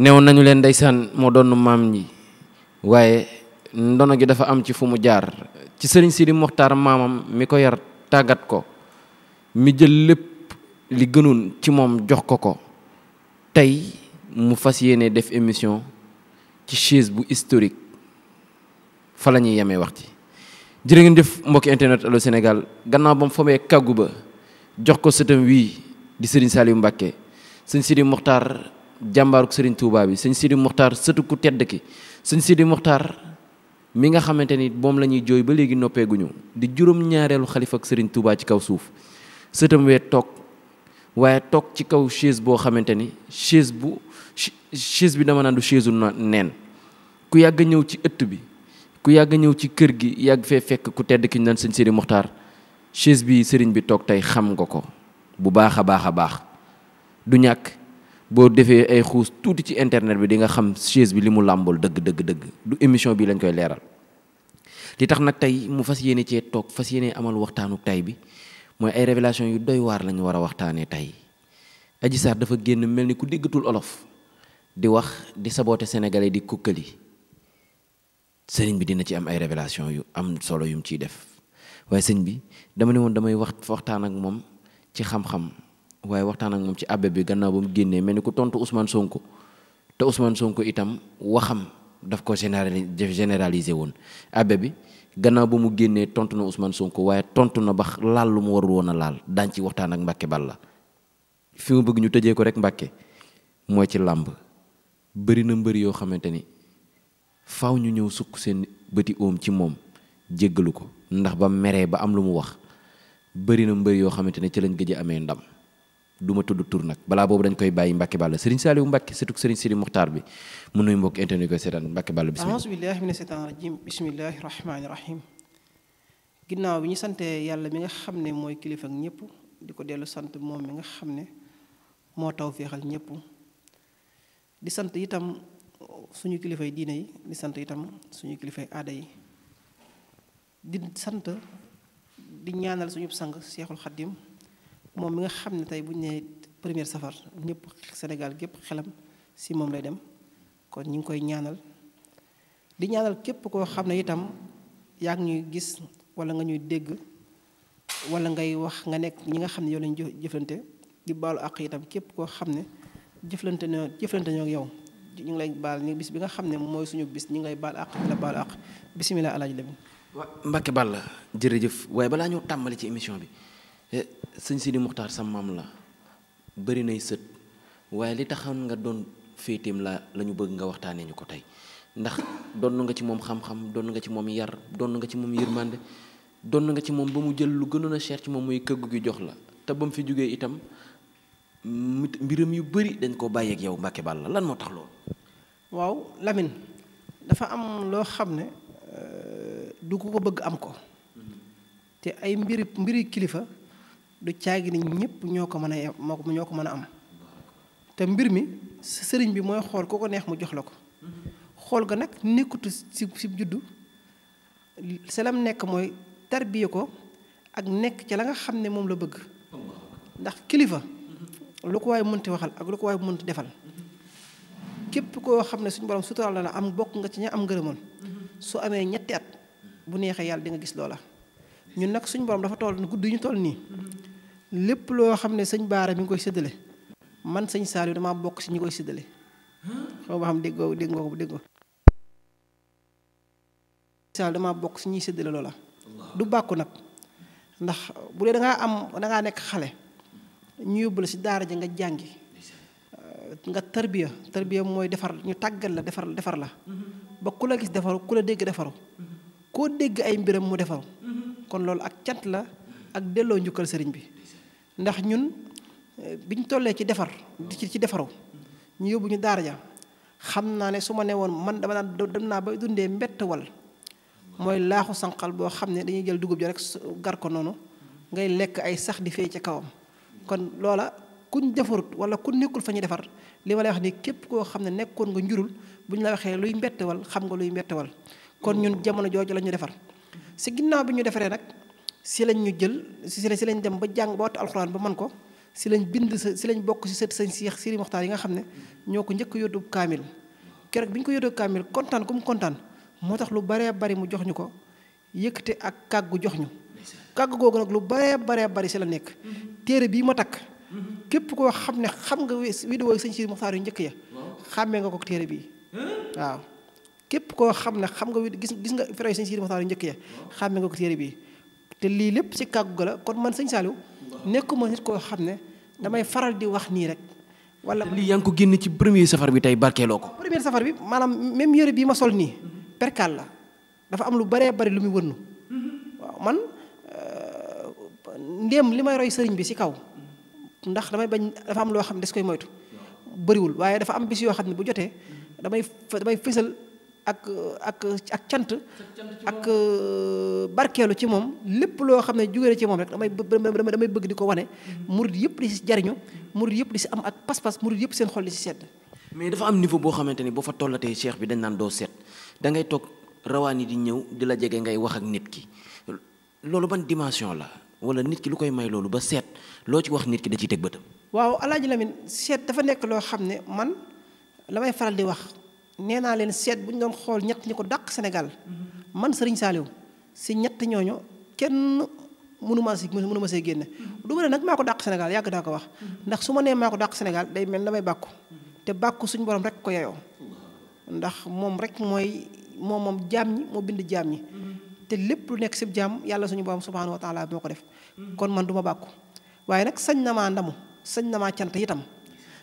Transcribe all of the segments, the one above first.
neew nañu leen ndeysaan moo doon maam ñi waaye ndono gi dafa am ci fu mu jaar ci sëriñ Sidi Moxtaar maamam mi ko yar tàggat ko mi jël lépp li gënoon ci moom jox ko ko tey mu fas yéene def émission ci chaise bu historique fa la ñuy yemee wax ci jërë ngeen jëf mbokki internet Allô Sénégal gannaaw ba mu kàggu ba jox ko sëtam wii di sëriñ Saliou sëñ sëriñ Sidi Moxtaar jàmbaaruk sëriñ Touba bi sëñ Sidi Muxtaar sëtu ku tedd ki sëñ Sidi Muxtaar mi nga xamante ni moom la ñuy jooy ba léegi noppeeguñu di juróom-ñaareelu xalifa ak sëriñ Touba ci kaw suuf sëtam wee toog waaye toog ci kaw chaise boo xamante ni chaise bu chaise bi dama naan du chaise u neen ku yàgg ñëw ci ëtt bi ku yàgg ñëw ci kër gi yàgg fee fekk ku tedd ki ñu naan sëñ Sidi Muxtaar chaise bi sëriñ bi toog tey xam nga ko bu baax a baax a baax du ñàkk boo defee ay xuus tuuti ci internet bi di nga xam chaise bi li mu làmbool dëgg dëgg dëgg du émission bii lañ koy leeral li tax nag tey mu fas yéene cee toog fas yéene amal waxtaanu tey bi mooy ay révélation yu doy waar lañu war a waxtaanee tey Adji Sarr dafa génn mel ni ku déggatul olof di wax di saboote sénégalais di kukkali sëriñ bi dina ci am ay révélation yu am solo yum ciy def waaye sëñ bi dama ne woon damay wax waxtaan ak moom ci xam-xam waaye waxtaan ak moom ci abbé bi gannaaw ba mu génnee mel ni ku tontu Ousmane Sonko te Ousmane Sonko itam waxam daf ko générali généraliser woon abbé bi gannaaw ba mu génnee tontu na Ousmane Sonko waaye tontu na ba laal lu mu warul woon a laal daan ci waxtaan ak Mbàkke Balla fi mu bëgg ñu tëjee ko rek Mbàkke mooy ci làmb bëri na mbër yoo xamante ni faw ñu ñëw sukk seen bëti oom ci moom jéggalu ko ndax ba meree ba am lu mu wax bëri na mbër yoo xamante ne ci lañ gëj amee ndam du ma tudd tur nag balaa boobu dañ koy bàyyi Mbacke Balla Serigne Saliou Mbacke surtout Serigne Sidi Muxtaar bi mu nuyu mbokk internet koy seetaan Mbacke Balla bismillah a'uuzu billaahi mina shaytaani rajiim bismillaahi rahmaani rahiim ginnaaw bi ñu sante yàlla mi nga xam ne mooy kilifa ak ñëpp di ko dellu sant moom mi nga xam ne moo taw féexal ñëpp di sant itam suñu kilifay diine yi di sant itam suñu kilifay aada yi di sant di ñaanal suñu sang Seexul Xaddim moom mi nga xam ne tey bu ñu nee première safar ñëpp Sénégal gépp xelam si moom lay dem kon ñu ngi koy ñaanal di ñaanal képp koo xam ne itam yaa ngi ñuy gis wala nga ñuy dégg wala ngay wax nga nekk ñi nga xam ne yow lañu jëflante di baalu àq itam képp koo xam ne jëflante na jëflante yow ñu ngi baal ni bis bi nga xam ne mooy suñu bis ñu ngi lay baal àq di la baalu àq bisimilah Balla jërëjëf waaye balaa ñëw tàmbali ci émission bi. Eh, sëñ Sidi Muxtaar sa maam la bëri nay sët waaye li taxoon nga doon féeteem la la ñu bëgg nga waxtaanee ñu ko tey ndax doon nga ci moom xam-xam doon nga ci moom yar doon nga ci moom yërmande doon nga ci moom ba mu jël lu gënoon a cher ci moom muy këggu gi jox la te ba mu fi jógee itam mbiram yu bëri dañ koo bàyyeeg yow Mbàkke la lan moo tax loolu. waaw lamin dafa am loo xam ne euh, du ko bëgg am ko mm-hmm. te ay mbiri mbiri kilifa. du caagi ni ñëpp ñoo ko mën a ñoo ko mën a am te mbir mi sëriñ bi mooy xool ku ko neex mu jox la ko xool ga nag nekkutu si si juddu selam nekk mooy tarbiye ko ak nekk ci la nga xam ne moom la bëgg ndax kilifa lu ko waay mënti waxal ak lu ko waay mënti defal képp koo xam ne suñu borom suturaal na la am bokk nga ci ña am ngërëmal su amee ñetti at bu neexee yàlla dinga gis loola ñun nag suñ borom dafa toll gudd yi ñu toll nii lépp loo xam ne sëñ Baara mi ngi koy séddale man sëñ Saliou damaa bokk si ñi koy séddale xaw ma dégg nga ko dégg bokk si ñuy séddale du bàkku nag ndax bu dee danga am da nekk xale ñu yóbbu la si daara ji nga jàngi nga tarbiya tarbiya mooy defar ñu tàggal la defar defar la ba ku la gis defaru ku la dégg defaru koo dégg ay mbiram mu defaru kon loolu ak cant la ak delloo njukkal sëriñ bi ndax ñun eh, bi ñu tollee ci defar di ci defaru ñu yóbbu ñu daara ja xam naa ne su ma nee woon man dama naan dem naa ba dundee mbett wal mooy laaxu sanqal boo xam ne dañuy jël dugub ji rek gar ko noonu ngay lekk ay sax di fay ca kawam kon loola kuñ defarut wala ku nekkul fa ñuy defar li ma lay wax ni képp koo xam ne nekkoon nga njurul bu ñu la waxee luy mbettewal xam nga luy mbettewal kon ñun jamono jooju la ñu defar si ginnaaw bi ñu defaree nag si lañ ñu jël si la si lañ dem ba jàng ba wattu alxuraan ba man ko si lañ bind sa si lañ bokk si sët sëñ Seex Sëriñ Muxtaar yi nga xam ne ñoo ko njëkk yóddu kaamil keroog bi ñu ko yóddu kaamil kontaan ku mu kontaan moo tax lu baree bari mu jox ñu ko yëkkate ak kàggu jox ñu kàggu googu nag lu baree baree bari si la nekk téere bii ma takk képp koo xam ne xam nga vidéo sëñ Sëriñ Muxtaar yu njëkk ya xàmmee nga ko téere bii waaw koo xam ne xam nga gis gis nga vidéo sëñ Sëriñ Muxtaar yu njëkk ya xàmmee nga ko téere bii te lii lépp ci kàggu la kon man sëñ Saliou nekkuma nit koo xam ne damay faral di wax nii rek. wala lii yaa ngi ko génn ci premier safar bi tey barkeeloo ko. premier safar bi maanaam même yére bii ma sol nii. perkaal la dafa am lu baree bari lu muy wënnu. waaw man euh, ndéem li may roy sëriñ bi ci kaw. ndax damay bañ dafa am loo xam ne des koy moytu. bëriwul waaye dafa am bis xam ne bu jotee damay damay fësal. ak ak ak cant ak barkeelu ci moom lépp loo xam ne jógee ci moom rek damay damay bëgg di ko wane mm-hmm. murid yëpp di si jariñu murid yëpp di si am ak pas-pas murid yëpp seen xol di si sedd mais dafa am niveau boo xamante ni boo fa tollatee cheikh bi dañ naan doo seet da ngay toog rawaan yi di ñëw di la jege ngay wax ak nit ki loolu ban dimension la wala nit ki lu koy may loolu ba seet loo ci wax nit ki da ciy teg bëtam waaw alaaji Lamine seet dafa nekk loo xam ne man la may faral di wax nee naa leen seet bu ñu doon xool ñett ñi ko dàq senegal man Serigne Saliou si ñett ñooño kenn mënuma si mënuma see génne. du ma nag maa ko dàq Sénégal yàgg daa ko wax ndax su ma nee maa ko dàq Sénégal day mel na may bàkku te bàkku suñu borom rek ko yeyoo ndax moom rek mooy moom moom jaam ñi moo bind jaam ñi. te lépp lu nekk si jaam yàlla suñu borom subhaanahu wa taala moo ko def. kon man du ma bàkku waaye nag sañ na maa ndamu sañ na maa cant itam.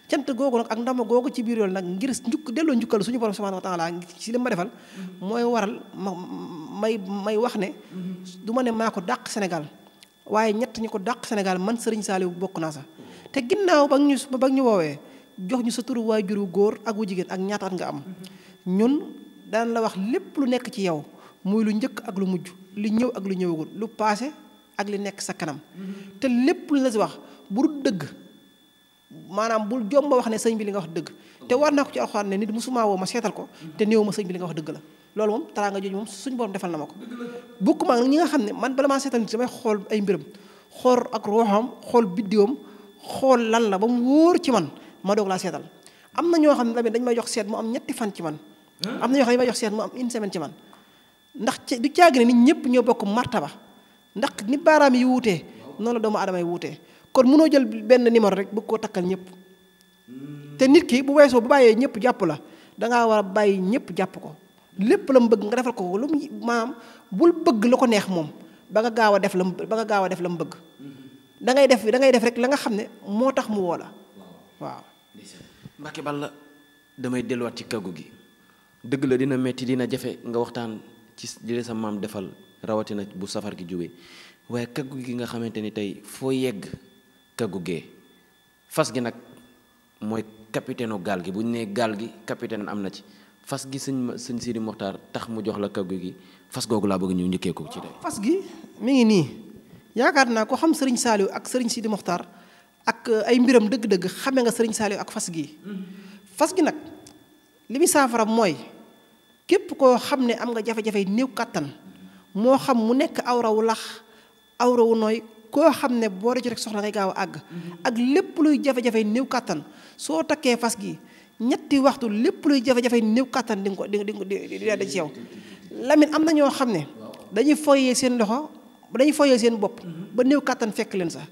cant googu nag ak ndama googu ci biir yoon nag ngir njukk delloo njukkal suñu borom subhanahu wa taala ci li ma defal mooy waral ma may may wax ne du ma ne maa ko dàq Sénégal waaye ñett ñu ko dàq Sénégal man Serigne Saliou bokk naa sax te ginnaaw ba ñu ba ñu woowee jox ñu sa turu waajur wu góor ak wu jigéen ak ñaataat nga am ñun daan la wax lépp lu nekk ci yow muy lu njëkk ak lu mujj lu ñëw ak lu ñëwagul lu paase ak li nekk sa kanam maanaam bul jom ma wax ne sëñ bi li nga wax dëgg te war naa ko ci alxuraan ne nit suma woo ma seetal ko te néew ma sëñ bi li nga wax dëgg la loolu moom taraanga jooju moom suñ borom defal na ma ko bokkuma ak ñi nga xam ne man bala maa seetal nit damay ay mbiram xool ak ruuxam xool biddiwam xool lan la ba mu wóor ci man ma doog laa seetal am na ñoo xam ne tamit dañ may jox seet mu am ñetti fan ci man am na ñoo xam ne may jox seet mu am une semaine ci man ndax ci du caagi ne nit ñëpp ñoo bokk martaba ndax ni baaraam yi wutee noonu la doomu aadama yi wuutee kon mënoo jël benn numéro rek bëgg koo takkal ñëpp te nit ki bu weesoo bu bàyyee ñëpp jàpp la da war a bàyyi ñëpp jàpp ko lépp la mu bëgg nga defal ko ko lu mu maam bul bëgg lu ko neex moom ba nga gaaw a def la mu ba nga gaaw a def la mu bëgg da ngay def da ngay def rek la nga xam ne moo tax mu woo la waaw. Mbacke Balla damay delluwaat ci kaggu gi dëgg la dina metti dina jafe nga waxtaan ci li sa maam defal rawatina bu safar gi jóge waaye kaggu gi nga xamante ni tey foo yegg. kaggu ge fas gi nag mooy kapiteenu gaal gi bu ñu nee gaal gi capitaine am na ci fas gi sëñ sëñ Sidi Moxtaar tax mu jox la kaggu gi fas googu laa bëgg ñu njëkkee ko ci tey. fas gi mi ngi nii yaakaar naa ko xam sëriñ Saliou ak sëriñ Sidi Moxtaar ak uh, ay mbiram dëgg-dëgg xame nga sëriñ Saliou ak fas gi fas gi nag li muy saafara mooy képp koo xam ne am nga jafe-jafe néew kàttan moo xam mu nekk awra wu lax awra wu nooy koo xam ne boo ci rek soxla ngay gaaw a àgg ak lépp luy jafe-jafe néew kàttan soo takkee fas gi ñetti waxtu lépp luy jafe-jafe néew kàttan di nga ko di nga di nga ci yow Lamine am na ñoo xam ne dañuy foyee seen loxo dañuy foyee seen bopp ba néew kàttan fekk leen sax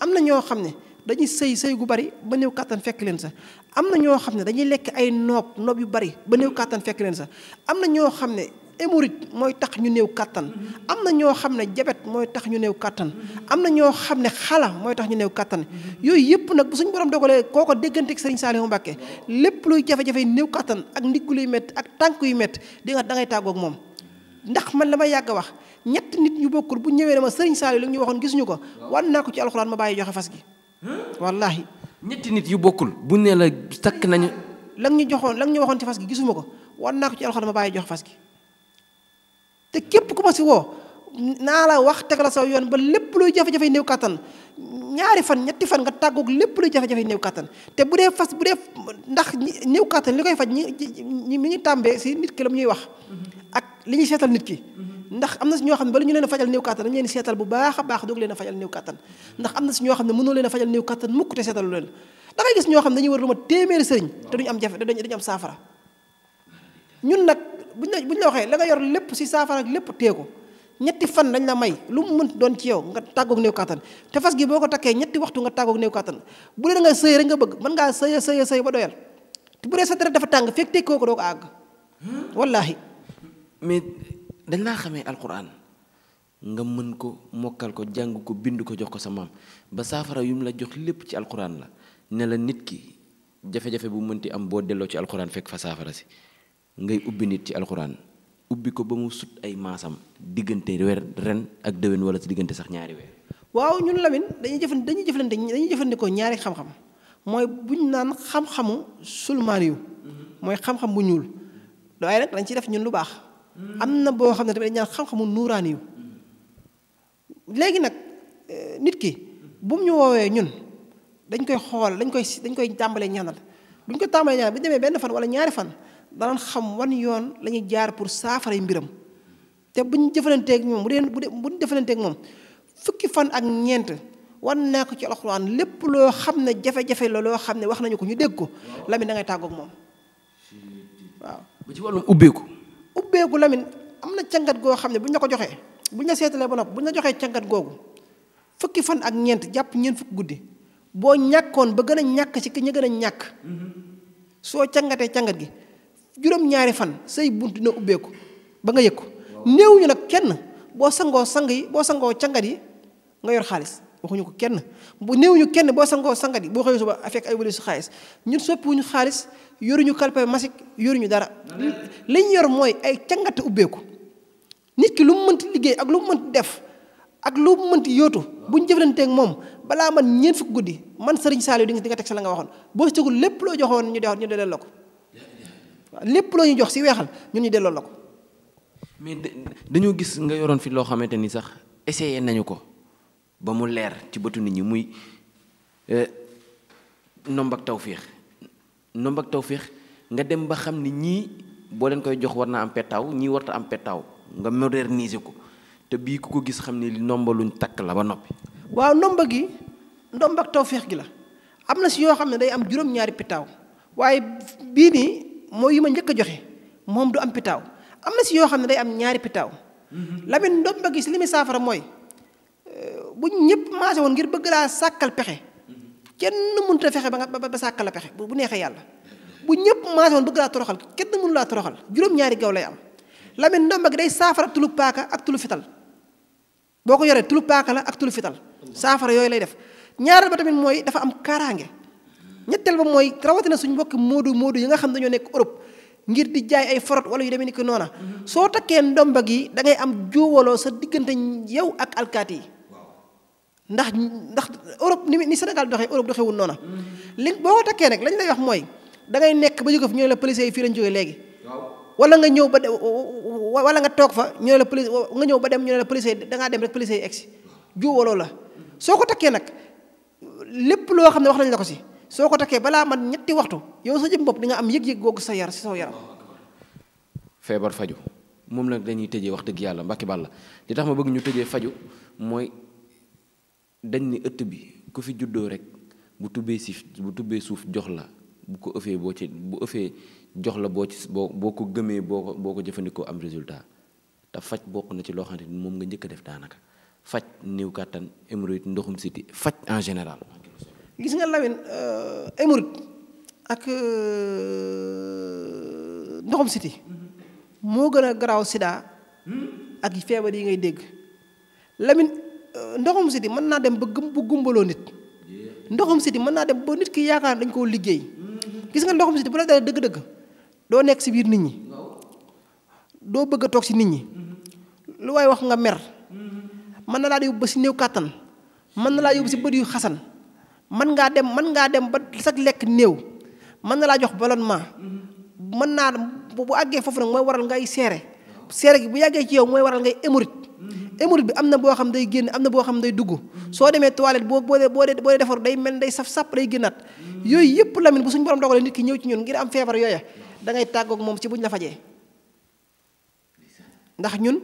am na ñoo xam ne dañuy sëy sëy gu bari ba néew kàttan fekk leen sax am na ñoo xam ne dañuy lekk ay noob noob yu bari ba néew kàttan fekk leen sa am na ñoo xam ne hémorroïde mooy tax ñu néew kàttan mm-hmm. am na ñoo xam ne jabet mooy tax ñu néew kàttan mm-hmm. am na ñoo xam ne xala mooy tax ñu new kàttan mm-hmm. yooyu yëpp nag bu suñu borom dogalee kooko déggante ak Serigne mu Mbacké lépp luy jafe-jafe néew kàttan ak ndiggu luy métti ak tànk yu métti di nga da ngay tàggoog moom ndax man la ma yàgg wax ñett nit ñu bokkul bu ñëwee ne ma Serigne Saliou li ñu waxoon gisuñu ko wan naa ko ci alxuraan ma bàyyi joxe fas gi wallahi ñetti nit yu bokkul bu nee la takk nañu la ñu joxoon la ñu waxoon ci fas gi ko wan naa ma bàyyi joxe fas te képp ku ma si woo naa la wax teg la saw yoon ba lépp luy jafe-jafe néew kàttan ñaari fan ñetti fan nga tàggoog lépp luy jafe-jafe néew kattan te bu dee fas bu dee ndax néew kattan li koy faj ñi mi ngi tàmbee si nit la mu ñuy wax mm-hmm. ak li ñuy seetal nit ki mm-hmm. ndax am na si ñoo xam ne bala ñu leen a fajal néew kattan dañu leen seetal bu baax a baax doog leen a fajal néew kattan ndax am na si ñoo xam ne mënoo leen a fajal néew kattan mukk te seetalu leen gis ñoo xam ne dañuy war lu ma téeméeri sëriñ te duñu am jafe dañu am saafara ñun buñ la buñ la waxee la nga yor lépp si saafara lépp tee ko ñetti fan dañ la may lu mu mënti doon ci yow nga tàggoog néew kattan te fas gi boo ko takkee ñetti waxtu nga tàggoog néew kattan bu dee da nga sëy rek bëgg mën ngaa sëy sëy sëy ba doyal te sa deret dafa tàng fekk tekkoo ko doo ko àgg wallaahi mais dañ naa xamee alquran nga mën ko mokkal ko jàng ko bind ko jox ko sa maam ba saafara yu mu la jox lépp ci alquran la ne la nit ki jafe-jafe bu mënti am boo delloo ci alquran fekk fa saafara si ngay ubbi nit ci alxuraan ubbi ko ba mu sut ay maasam diggante weer ren ak déwén wala si diggante sax ñaari weer. waaw ñun Lamine dañuy jëfand dañuy jëflante dañuy jëfandikoo ñaari xam-xam mooy buñ naan xam-xamu yu mooy xam bu ñuul waaye rek dañ ciy def ñun lu baax. am na boo xam ne tamit dañ naan xam-xamu nuuraan yu léegi nag eh, nit ki bu mu ñu woowee ñun dañ koy xool dañ koy si dañ koy tàmbalee ñaanal buñ ko tàmbalee ñaanal bu ñu demee benn fan wala ñaari fan. danañ xam wan yoon la ñuy jaar pour saafaray mbiram te bu ñu jëfalanteeg moom bu dee bu ñu jëfalanteeg moom fukki fan ak ñeent wan naa ko ci alxuraan lépp loo xam ne jafe-jafe la loo xam ne wax nañu ko ñu dégg ko Lamine da ngay tàggoog moom waaw. bu ci wàllum ubbeeku. ubbeeku Lamine am na càngat goo xam ne bu ñu la ko joxee bu ñu la seetalee ba nopp bu ñu la joxee càngat googu fukki fan ak ñeent jàpp ñeent fukki guddi boo ñàkkoon ba gën a ñàkk ci ki ñu gën a ñàkk mhm. soo càngatee càngat gi. juróom-ñaari fan say bunt dina ubbeeku ba nga yëg ko néew ñu nag kenn boo sangoo sang yi boo sangoo cangat yi nga yor xaalis waxuñu ko kenn bu néew kenn boo sangoo sangat yi boo xëyee suba afek ay walisu xaalis ñun soppiwuñu xaalis yoruñu kalpe masik yoruñu dara liñ yor mooy ay cangati ubbeeku nit ki lu mu mënti liggéey ak lu mu mënti def ak lu mu mënti yootu bu ñu jëflanteeg moom balaa man ñeent fukk guddi man sëriñ Saliou di teg sa la nga waxoon boo si tegul lépp loo joxoon ñu de ñu delloo ko waaw lépp loo ñu jox si weexal ñun ñu delloo la ko. dañoo gis nga yoroon fi loo xamante ni sax essayé nañu ko ba mu leer ci bëtu nit ñi muy euh, nomb ak tawféex nomb ak tawféex nga dem ba xam ni ñii boo leen koy jox war naa am pettaaw ñii warta am pettaaw nga moderniser ko te bii ku ko gis xam ne li nomba luñ takk la ba noppi. waaw nomba gi nomb ak tawféex gi la am na si yoo xam ne day am juróom-ñaari pettaaw waaye bii nii. mooy yi ma njëkk a joxe moom du am pitaaw am na si yoo xam ne day am ñaari pitaaw mhm. Lamine ndoom ba si li muy saafara mooy euh, bu ñëpp maase woon ngir bëgg laa sàkkal pexe mhm. kenn mënta fexe ba nga ba sàkkal la pexe bu neexee yàlla bu ñëpp maase woon bëgg laa toroxal mënu laa toroxal juróom-ñaari gaw lay am Lamine ndoom ba gi day saafara tulu paaka ak tulu fital boo ko yoree tulu paaka la ak tulu fital saafara yooyu lay def ñaareel ba tamit mooy dafa am kaaraange ñetteel ba mooy rawatina suñ mbokki moodu moodu yi nga xam ne dañoo nekk Europe ngir di jaay ay forot wala yu demee ni ko noona soo takkee ndomba gi da ngay am juuwaloo sa diggante yow ak alkaati yi ndax ndax Europe ni ni Sénégal doxee Europe doxewul noona mm-hmm. li boo ko takkee lañ lay wax mooy da nekk ba jóge fa ñu la policier yi fii lañ jógee léegi wala nga ñëw ba de wala nga toog fa ñu ne la police nga ñëw ba dem ñu ne la policier yi dangaa dem rek policier yi egsi la soo ko takkee nag lépp loo xam ne wax nañ la ko si soo ko takkee balaa man ñetti waxtu yow sa jëm bopp di am yëg-yëg googu sa yar si saw yaram. feebar faju moom nag dañuy tëjee wax dëgg yàlla mbàkki bàlla li tax ma bëgg ñu tëjee faju mooy dañ ni ëtt bi ku fi juddoo rek bu tubbee siif bu tubbee suuf jox la bu ko ëffee boo ci bu ëffee jox la boo ci boo boo ko gëmee boo ko boo ko jëfandikoo am résultat te faj bokk na ci loo xamante ni moom nga njëkk a def daanaka faj néew kàttan hémorroïde ndoxum siti faj en général. gis nga lawin émouride euh, ak euh, ndoxum siti moo gën a garaaw sida ak feebar yi ngay dégg lamin euh, ndoxum siti mën naa dem ba gumbaloo nit ndoxum siti mën naa dem nit ki yaakaar dañ koo liggéey gis nga ndoxum siti bu la dalee dëgg-dëgg doo nekk si biir nit ñi doo bëgg a toog ci nit ñi lu waaye wax nga mer mën na laa yóbbu si néew kàttan mën na laa yóbbu si bët yu xasan mën ngaa dem man ngaa dem ba sax lekk néew mën na laa jox ballonnement mën naa bu àggee foofu nag mooy waral ngay seere seere gi bu yàggee ci yow mooy waral ngay émorite émorite bi am na boo xam day génn am na boo xam day dugg soo demee toilette boo boo boo dee defaru day mel day saf sàpp day génnaat yooyu yëpp lamin bu suñ borom dogalee nit ki ñëw ci ñun ngir am feebar yooya da ngay tàggoog moom ci buñ la fajee ndax ñun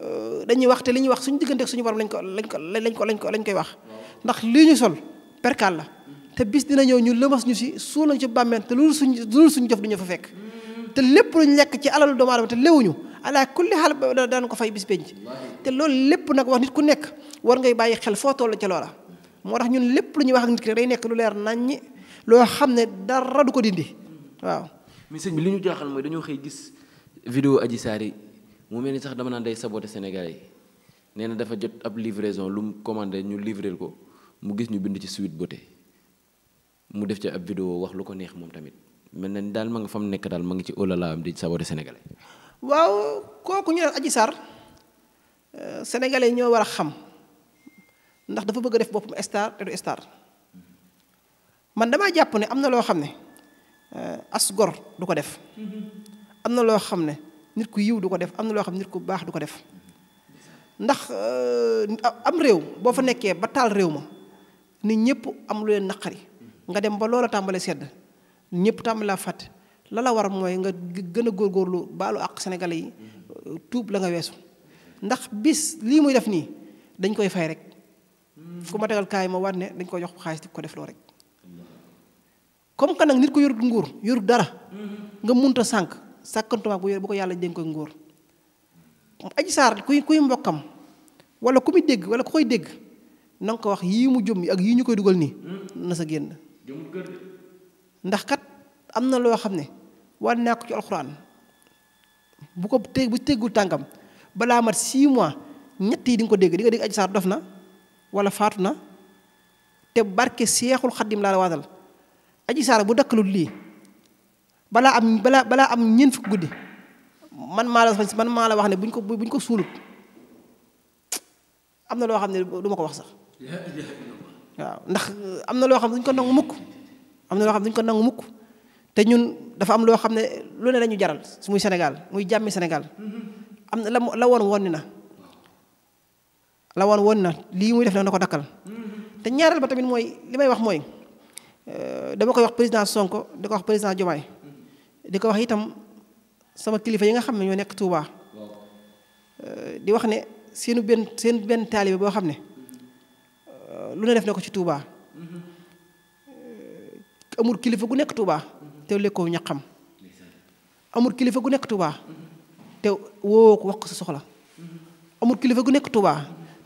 euh, dañuy wax te li ñuy wax suñu diggante ak suñu borom lañ ko lañ ko lañ ko lañ koy wax ndax lii ñu sol perkaal la te bis dina ñëw ñu lëmas ñu si suul lañ ci bàmmeel te loolu suñ loolu suñ jof duñu fa fekk te lépp luñ lekk ci alalu doomu aadama te léwuñu ala kulli xaal daan ko fay bis penc te loolu lépp nag wax nit ku nekk war ngay bàyyi xel foo toll ci loola moo tax ñun lépp lu ñuy wax ak nit ki day nekk lu leer naññ loo xam ne dara du ko dindi waaw mais sëñ lu ñu jaaxal mooy dañoo xëy gis vidéo Adji Sarr yi mu mel ni sax dama naan day saboté Sénégal nee na dafa jot ab livraison lu mu commandé ñu livreel ko mu gis ñu bind ci Sweet Beauté mu def ci ab vidéo wax lu ko neex moom tamit mel na ni daal ma nga fa mu nekk daal ma ngi ci olala am di saboté sénégalais. waaw kooku ñu naan Adji Sarr euh, sénégalais ñoo war a xam ndax dafa bëgg a def boppam star te du star man damaa jàpp ne am na loo xam ne euh, as gor du ko def. am na loo xam ne nit ku yiw du ko def am na loo xam ne nit ku baax du ko def ndax euh, am réew boo fa nekkee ba taal réew ma. nit ñëpp am lu leen naqari nga dem ba loola tàmbali sedd ñëpp tàmbale laa fàtte la la war mooy nga gën góor góorgóorlu baalu ak sénégalais yi mm-hmm. tuub la nga weesu ndax bis lii muy def nii dañ koy fay rek mm-hmm. ku ma tegal kaay ma waat ne dañ koy jox xaalis di ko def loo rek comme que nag nit ko yorut nguur yorut dara mm-hmm. nga munta sànq sàkkantumaak bu yor bu ko yàlla dénk koy nguur aji saar kuy kuy mbokkam wala ku muy dégg wala ku koy dégg na ko wax yii mu jëm ak yii ñu koy dugal nii hmm. na sa génn ndax kat am na loo xam ne war naa ci alxuraan bu ko teg bu teggul tànkam balaa mat 6 mois ñett yi di ko dégg di nga dégg aji dof na wala faatu na te barke seexul xaddim laa la waatal aji saar bu dakkalul lii balaa am balaa balaa am ñeent fukk guddi man maa la man maa wax ne buñ ko buñ ko suulut am na loo xam ne duma ko wax sax waaw ndax euh, am na loo xam ne duñ ko nangu mukk na loo xam ne ko nangu mukk te ñun dafa am loo xam ne lu ne lañu jaral muy Sénégal muy jàmmi Sénégal mm-hmm. am na la la woon woon na la na lii muy def na ko dakkal mm-hmm. te ñaareel ba tamit mooy li may wax mooy euh, dama koy wax président Sonko di ko wax président Diomaye mm-hmm. di ko wax itam sama kilifa yi nga xam ne ñoo nekk Touba euh, di wax ne seenu benn seen benn taalibe boo xam ne Euh, lu ne def ne ko ci Touba. Euh, amul kilifa gu nekk Touba. te lekkoo ñaqam. amul kilifa gu nekk Touba. te woo ko wax ko soxla. amul kilifa gu nekk Touba.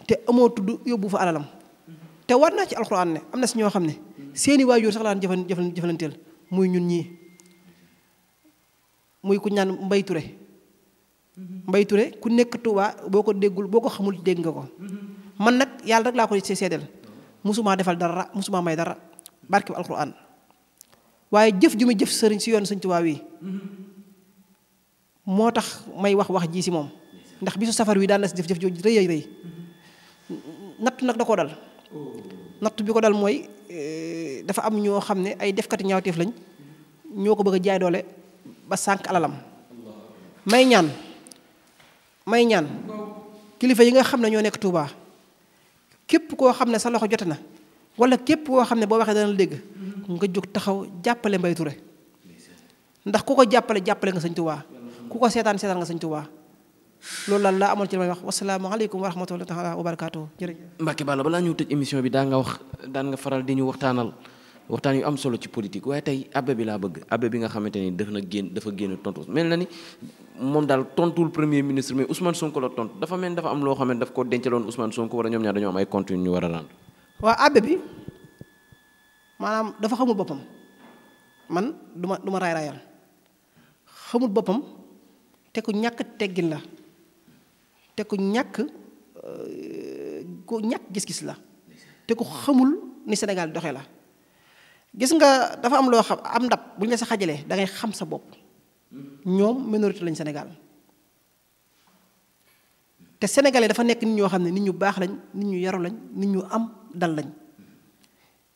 te amoo tudd yóbbu fa alalam. te war naa ci alxuraan ne am na si ñoo xam ne. seeni waajur sax laan jëfan jëfalanteel muy ñun ñii muy kuñ ñaan Mbay Ture Mbay Ture ku nekk Touba boo ko déggul boo ko xamul dégg nga ko man nag yàlla rek laa ko seedeel musumaa defal dara musumaa may dara barke bi alquran waaye jëf ju mu jëf sëriñ si yoon sëñ Tuubaa wi moo tax may wax wax ji si moom ndax bisu safar wi daan na si jëf jëf jooju rëy rëy natt nag da koo dal natt bi ko dal mooy eh, dafa am ñoo xam ne ay defkati ñaawteef lañ ñoo ko bëgg a jaay doole ba sànq alalam may ñaan may ñaan kilifa yi nga xam ne ñoo nekk Tuubaa képp koo xam ne sa loxo jot na wala képp koo xam ne boo waxee dana dégg nga jóg taxaw jàppale Mbaye Touré ndax ku ko jàppale jàppale nga sëñ Tuubaa ku ko seetaan seetaan nga sëñ Tuubaa loolu lan laa amoon ci li may wax wasalaamaaleykum wa rahmatullahi taala wa barakaatu jërëjëf Mbacke Balla balaa ñu tëj émission bi daa nga wax daan nga faral di ñu waxtaanal waxtaan yu am solo ci politique waaye tey abbé bi laa bëgg abbé bi nga xamante ni def na génn dafa génn tontu mel na ni moom daal premier ministre mais Ousmane Sonko la tont dafa mel dafa am loo xam ne daf ko dencaloon Ousmane Sonko wala ñoom ñaar dañoo am ay compte yu ñu a rendre. waaw abbé bi maanaam dafa xamul boppam man du ma du ma raay raayal xamul boppam te ku ñàkk teggin la te ku ñàkk euh, ku ñàkk gis-gis la te ku xamul ni Sénégal doxe la. gis nga dafa am loo xam am ndab bu ñu la si xajalee da ngay xam sa bopp ñoom minorité lañ senegal te sénégalais dafa nekk nit ñoo xam ne nit ñu baax lañ nit ñu yaru lañ nit ñu am dal lañ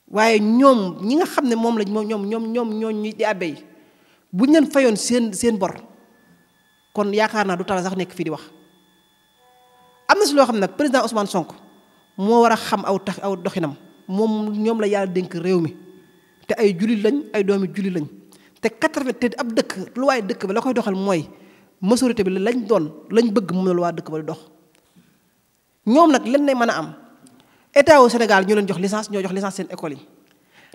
waaye ñoom ñi nga xam ne moom lañ moom ñoom ñoom ñoom ñoo ñu di abbé yi bu ñu leen fayoon seen seen bor kon yaakaar naa du tala sax nekk fii di wax am loo xam ne nag président Ousmane moo war a xam aw tax aw doxinam moom ñoom la yàlla dénk réew mi ay jullit lañ ay doomi jullit lañ te quatre-vingt te ab dëkk lu waaye dëkk ba la koy doxal mooy majorité bi lañ doon lañ bëgg moom la waa dëkk ba di dox. ñoom nag leen ne mën a am état wu Sénégal ñu leen jox licence ñoo jox licence seen école yi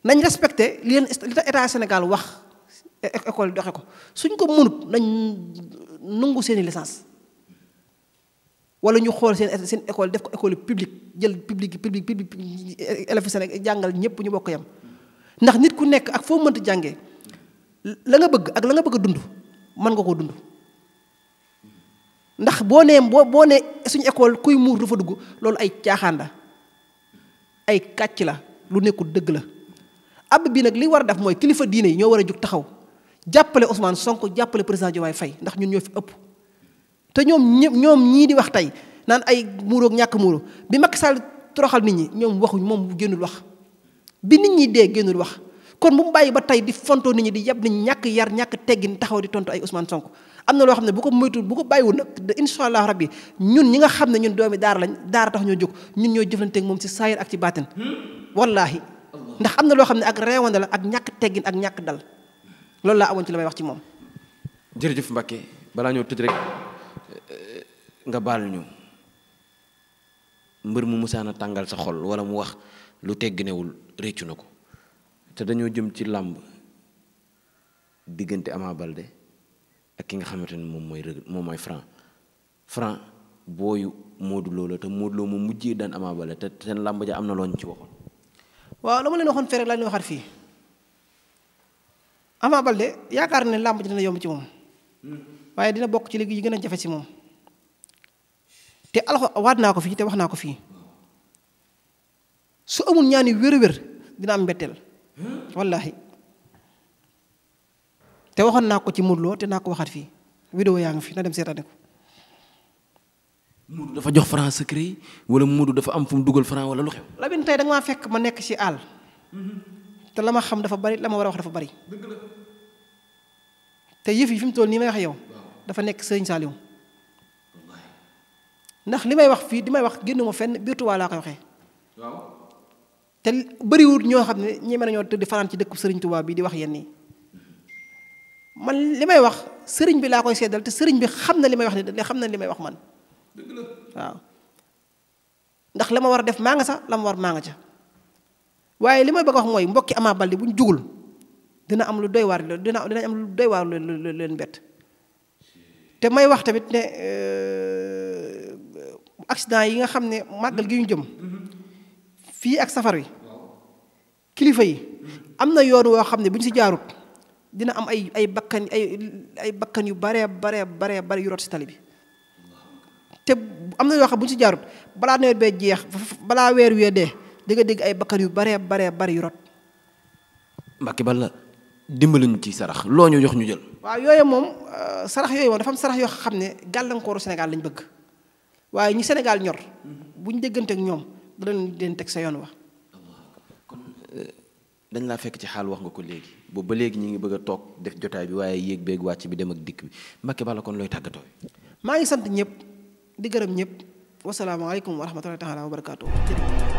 nañ respecté li leen li état Sénégal wax école yi doxe ko suñ ko mënut nañ nungu seen i licence wala ñu xool seen seen école def ko école publique jël publique publique publique élèves Sénégal jàngal ñëpp ñu bokk yam ndax nit ku nekk ak foo mënta jàngee la nga bëgg ak la nga bëgg dund mën nga koo dund ndax boo nee boo boo nee suñu école kuy muur du fa dugg loolu ay caaxaanda ay kàcc la lu nekkul dëgg la abb bii nag li war a def mooy kilifa diine yi ñoo war a jóg taxaw jàppale Ousmane sonk jàppale président Diomaye Faye ndax ñun ñoo fi ëpp te ñoom ñoom ñii di wax tey naan ay muuroog ñàkk muuro bi Macky Sall toroxal nit ñi ñoom waxuñ moom génnul wax bi nit ñi dee génnul wax kon bu mu bàyyi ba tey di fontoo nit ñi di yeb nit ñàkk yar ñàkk teggin taxaw di tontu ay Ousmane Sonko am na loo xam ne bu ko moytu bu ko bàyyiwul nag incha allah rabbi ñun ñi nga xam ne ñun yi daara lañ daara tax ñoo jóg ñun ñoo jëflanteeg moom si saayir ak ci baatin wallaahi ndax am na loo xam ne ak reewande la ak ñàkk teggin ak ñàkk dal loolu laa amoon ci la may wax ci moom jërëjëf Mbacke balaa ñoo tëj rek eh, nga ñu mbër mu musaana tàngal sa xol wala mu wax lu tegginewul réccu na ko te dañoo jëm ci làmb diggante Ama Baldé ak ki nga xamante ni moom mooy moom mooy Franc Franc booyu Modou Lo la te Modou Lo mu mujjee daan Ama Baldé te seen làmb ja am na looñ ci waxoon waaw la ma leen waxoon fee laa leen waxaat fii Ama Baldé yaakaar ne làmb ji dina yomb ci moom waaye dina bokk ci léegi yi gën a jafe si moom te alxo waat naa ko fii te wax naa ko fii su amul ñaani wér-wér dina am mbetteel wallaahi te waxoon naa ko ci Modou te naa ko waxaat fii vidéo yaa ngi fi na dem seetaane ko. Modou dafa jox Franc secret wala Modou dafa am fu mu dugal Franc wala lu xew. Lamine tey da nga maa fekk ma nekk ci àll. te la ma xam dafa bari la ma war a wax dafa bari. te yëf yi fi mu toll nii may wax yow. dafa nekk sëriñ Saliou. ndax li may wax fii di may wax génn ma fenn biir Tuubaa laa koy waxee. te bëriwut ñoo xam ne ñeme nañoo tëdd fanaan ci dëkku sëriñ Tuubaa bi di wax yenn yi man li may wax sëriñ bi laa koy seddal te sëriñ bi xam na li may wax ne xam na li may wax man la ma war a def maa nga sax la war maa nga ca waaye li may bëgg wax mooy mbokki Ama Baldé bu ñu jugul dina am lu doy waar dina dinañ am lu doy waar lu leen bett te may wax tamit ne euh, accident yi nga xam ne màggal gi ñu jëm mm-hmm. fii ak safar yi kilifa yi am na yoon woo xam ne bu ñu si jaarut dina am ay ay bakkan ay bakkan yu bare bare baree bare yu rot si tali bi te am na yoo xam bu ñu si jaarut balaa nawet bee jeex balaa weer wee dee di nga dégg ay bakkan yu baree baree bare yu rot mbàkki bal la dimbaluñ ci sarax loo ñu jox ñu jël waaw yooyu moom euh, sarax yooyu moom dafa am sarax yoo xam ne gàllankooru Sénégal lañ bëgg waaye ñi Sénégal ñor buñ déggante ak ñoom danañ leen teg sa yoon wa kon eh, dañ laa fekk ci xaal wax nga ko léegi boobu ba léegi ñu ngi bëgg a toog def jotaay bi waaye yéeg beeg wàcc bi dem ak dikk bi Mbacke Balla kon looy tàggatoo maa ngi sant ñëpp di gërëm ñëpp wasalaamaaleykum wa rahmatullahi taala wa barakaatu